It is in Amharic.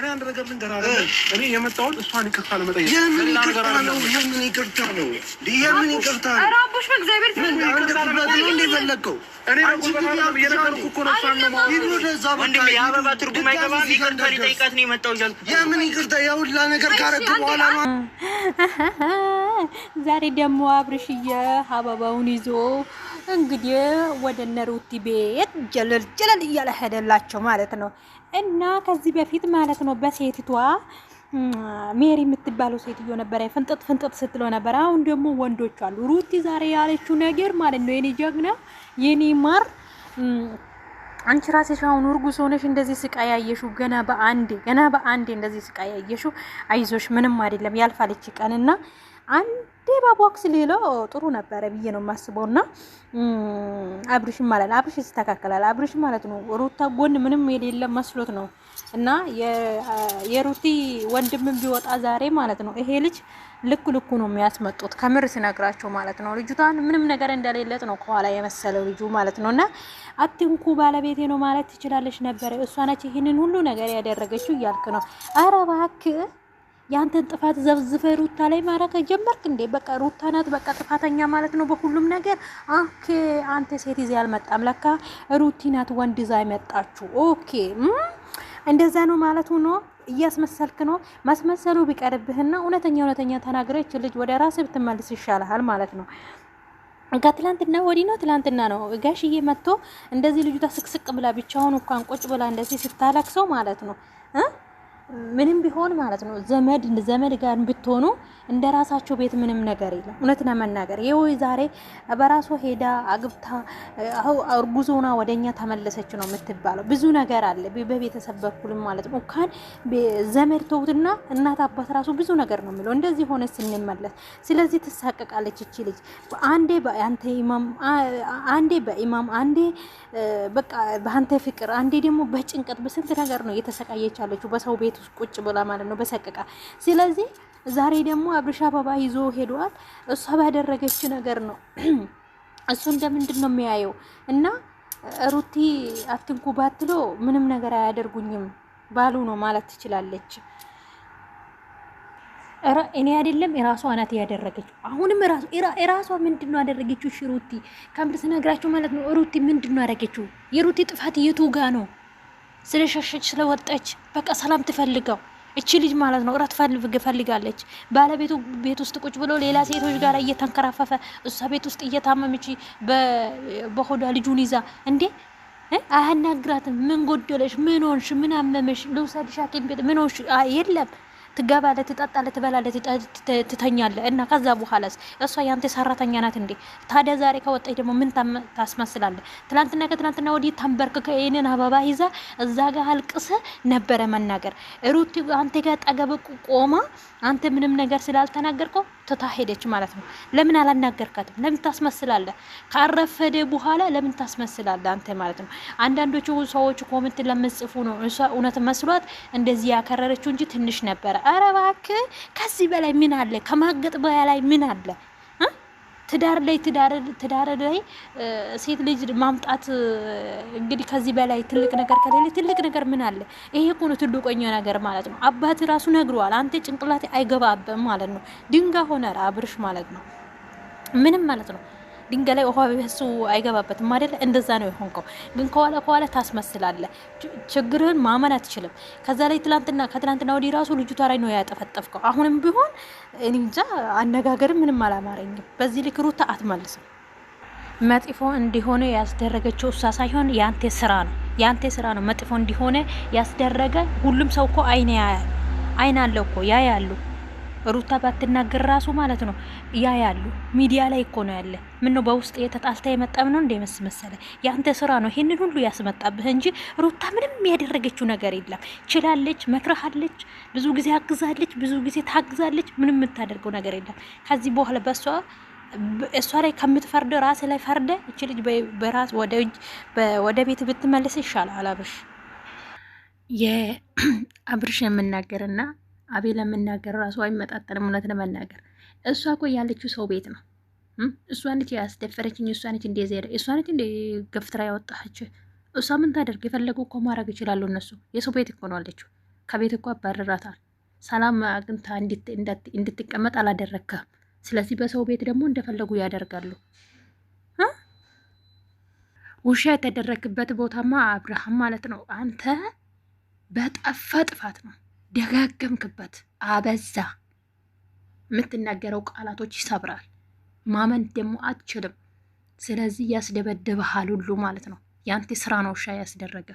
እኔ አንድ ነገር ልንገር እኔ የመጣሁት እሷን ይቅርታ ለመጠየቅ። የምን ይቅርታ ነው? የምን ይቅርታ ትርጉም ነው የመጣው ይቅርታ? የሁላ ነገር ካረክ በኋላ ዛሬ ደግሞ አብርሽዬ አበባውን ይዞ እንግዲህ ወደ ነሩቲ ቤት ጀለል ጀለል እያለ ሄደላቸው ማለት ነው። እና ከዚህ በፊት ማለት ነው በሴቲቷ ሜሪ የምትባለው ሴትዮ ነበረ ፍንጥጥ ፍንጥጥ ስትለው ነበር። አሁን ደግሞ ወንዶች አሉ። ሩቲ ዛሬ ያለችው ነገር ማለት ነው የኔ ጀግና የኔ ማር አንቺ ራስሽ አሁን እርጉዝ ሆነሽ እንደዚህ ስቃይ ያየሹ ገና በአንዴ ገና በአንዴ እንደዚህ ስቃይ ያየሹ፣ አይዞሽ፣ ምንም አይደለም ያልፋለች ቀንና አንድ ሌባ ቦክስ ሌለው ጥሩ ነበረ ብዬ ነው የማስበው። እና አብርሽ ማለት አብርሽ ይስተካከላል። አብርሽ ማለት ነው ሩታ ጎን ምንም የሌለ መስሎት ነው። እና የሩቲ ወንድምን ቢወጣ ዛሬ ማለት ነው ይሄ ልጅ ልኩ ልኩ ነው የሚያስመጡት። ከምር ሲነግራቸው ማለት ነው ልጅቷን ምንም ነገር እንደሌለት ነው ከኋላ የመሰለው ልጁ ማለት ነው። እና አትንኩ ባለቤቴ ነው ማለት ትችላለች ነበረ። እሷ ነች ይህንን ሁሉ ነገር ያደረገችው እያልክ ነው። አረ እባክህ ያንተን ጥፋት ዘብዝፈ ሩታ ላይ ማረግ ጀመርክ እንዴ? በቃ ሩታ ናት በቃ ጥፋተኛ ማለት ነው በሁሉም ነገር። ኦኬ አንተ ሴት ይዘህ አልመጣም ለካ ሩቲ ናት ወንድ ይዛ አይመጣችሁ። ኦኬ እንደዛ ነው ማለት ነው። እያስመሰልክ ነው። ማስመሰሉ ቢቀርብህና እውነተኛ እውነተኛ ተናግረች ልጅ ወደ ራስህ ብትመልስ ይሻልሃል ማለት ነው። ከትላንትና ወዲህ ነው። ትላንትና ነው ጋሽዬ መጥቶ እንደዚህ ልጁ ስቅስቅ ብላ ብቻውን እንኳን ቁጭ ብላ እንደዚህ ስታለቅሰው ማለት ነው እ ምንም ቢሆን ማለት ነው ዘመድ ዘመድ ጋር ብትሆኑ እንደ ራሳቸው ቤት ምንም ነገር የለም። እውነት ለመናገር ይኸው ዛሬ በራሷ ሄዳ አግብታ እርጉዞና ወደኛ ተመለሰች ነው የምትባለው። ብዙ ነገር አለ በቤተሰብ በኩልም ማለት ነው። እንኳን ዘመድ ተውትና እናት አባት ራሱ ብዙ ነገር ነው የሚለው። እንደዚህ ሆነ ስንመለስ፣ ስለዚህ ትሳቀቃለች እቺ ልጅ። አንዴ በአንተ ኢማም፣ አንዴ በኢማም፣ አንዴ በቃ በአንተ ፍቅር፣ አንዴ ደግሞ በጭንቀት በስንት ነገር ነው እየተሰቃየች ያለችው በሰው ቤት ውስጥ ቁጭ ብላ ማለት ነው በሰቀቃ። ስለዚህ ዛሬ ደግሞ አብርሽ አበባ ይዞ ሄዷል። እሷ ባደረገች ነገር ነው እሱ እንደምንድን ነው የሚያየው እና ሩቲ አትንኩ ባትሎ ምንም ነገር አያደርጉኝም ባሉ ነው ማለት ትችላለች። እኔ አይደለም የራሷ ናት ያደረገችው። አሁንም የራሷ ምንድን ነው ያደረገችው? ሽሩቲ ከምር ስነግራችሁ ማለት ነው ሩቲ ምንድን ነው ያደረገችው? የሩቲ ጥፋት የቱ ጋ ነው? ስለሸሸች ስለወጠች በቃ ሰላም ትፈልገው እቺ ልጅ ማለት ነው። እራት ፈልጋለች። ባለቤቱ ቤት ውስጥ ቁጭ ብሎ ሌላ ሴቶች ጋር እየተንከራፈፈ እሷ ቤት ውስጥ እየታመመች በሆዷ ልጁን ይዛ እንዴ አያናግራትም። ምን ጎደለሽ? ምን ሆንሽ? ምን አመመሽ? ልውሰድሽ ሐኪም ቤት ምን ሆንሽ? የለም ትገባለህ፣ ትጠጣለህ፣ ትበላለህ፣ ትተኛለ እና ከዛ በኋላስ እሷ ያንተ ሰራተኛ ናት እንዴ? ታዲያ ዛሬ ከወጣች ደግሞ ምን ታስመስላለ ትናንትና ከትናንትና ወዲህ ተንበርክከ ይህንን አበባ ይዛ እዛ ጋር አልቅሰ ነበረ መናገር ሩቲ አንተ ጋር ጠገብቁ ቆማ አንተ ምንም ነገር ስላልተናገርከው ትታ ሄደች ማለት ነው። ለምን አላናገርካትም? ለምን ታስመስላለ? ካረፈደ በኋላ ለምን ታስመስላለ አንተ ማለት ነው። አንዳንዶቹ ሰዎች ኮመንት ለምጽፉ ነው እውነት መስሏት እንደዚህ ያከረረችው እንጂ ትንሽ ነበረ ኧረ እባክህ ከዚህ በላይ ምን አለ? ከማገጥ በላይ ምን አለ? ትዳር ላይ ትዳር ላይ ሴት ልጅ ማምጣት እንግዲህ ከዚህ በላይ ትልቅ ነገር ከሌለ ትልቅ ነገር ምን አለ? ይሄ እኮ ነው ትልቆኛ ነገር ማለት ነው። አባት ራሱ ነግሯል። አንተ ጭንቅላት አይገባብም ማለት ነው። ድንጋ ሆነ አብርሽ ማለት ነው። ምንም ማለት ነው ድንጋይ ላይ ውሃ እሱ አይገባበትም አይደለ? እንደዛ ነው የሆንከው። ግን ከኋላ ከኋላ ታስመስላለ። ችግርህን ማመን አትችልም። ከዛ ላይ ትላንትና ከትላንትና ወዲህ ራሱ ልጅቷ ላይ ነው ያጠፈጠፍከው። አሁንም ቢሆን እንጃ አነጋገር ምንም አላማረኝም። በዚህ ልክ ሩታ አትመልስም። መጥፎ እንዲሆነ ያስደረገችው እሷ ሳይሆን የአንቴ ስራ ነው። ያንተ ስራ ነው መጥፎ እንዲሆነ ያስደረገ። ሁሉም ሰው እኮ አይን ያያል፣ አይን አለው እኮ ያያሉ ሩታ ባትናገር ራሱ ማለት ነው ያ ያሉ ሚዲያ ላይ እኮ ነው ያለ። ምን ነው በውስጥ የተጣልታ የመጣም ነው እንደ መሰለ ያንተ ስራ ነው ይህንን ሁሉ ያስመጣብህ እንጂ ሩታ ምንም ያደረገችው ነገር የለም። ችላለች፣ መክረሃለች፣ ብዙ ጊዜ አግዛለች፣ ብዙ ጊዜ ታግዛለች። ምንም የምታደርገው ነገር የለም። ከዚህ በኋላ በሷ እሷ ላይ ከምትፈርደ ራስ ላይ ፈርደ እች ልጅ በራስ ወደ ቤት ብትመለስ ይሻላል። አብርሽ የአብርሽ የምናገርና አቤል ለመናገር ራሱ አይመጣጠንም። እውነት ለመናገር እሷ እኮ ያለችው ሰው ቤት ነው። እሷ ነች ያስደፈረችኝ፣ እሷ ነች እንደ ዘረ፣ እሷ ነች እንደ ገፍትራ ያወጣች። እሷ ምን ታደርግ? የፈለጉ እኮ ማድረግ ይችላሉ እነሱ። የሰው ቤት እኮ ነው አለችው። ከቤት እኮ አባረራታል። ሰላም አግኝታ እንድትቀመጥ አላደረግከም። ስለዚህ በሰው ቤት ደግሞ እንደፈለጉ ያደርጋሉ። ውሻ የተደረግበት ቦታማ አብርሃም ማለት ነው። አንተ በጠፋ ጥፋት ነው ደጋገምክበት፣ አበዛ። የምትናገረው ቃላቶች ይሰብራል። ማመን ደግሞ አትችልም። ስለዚህ ያስደበድበሃል ሁሉ ማለት ነው። የአንተ ስራ ነው እሻ ያስደረገ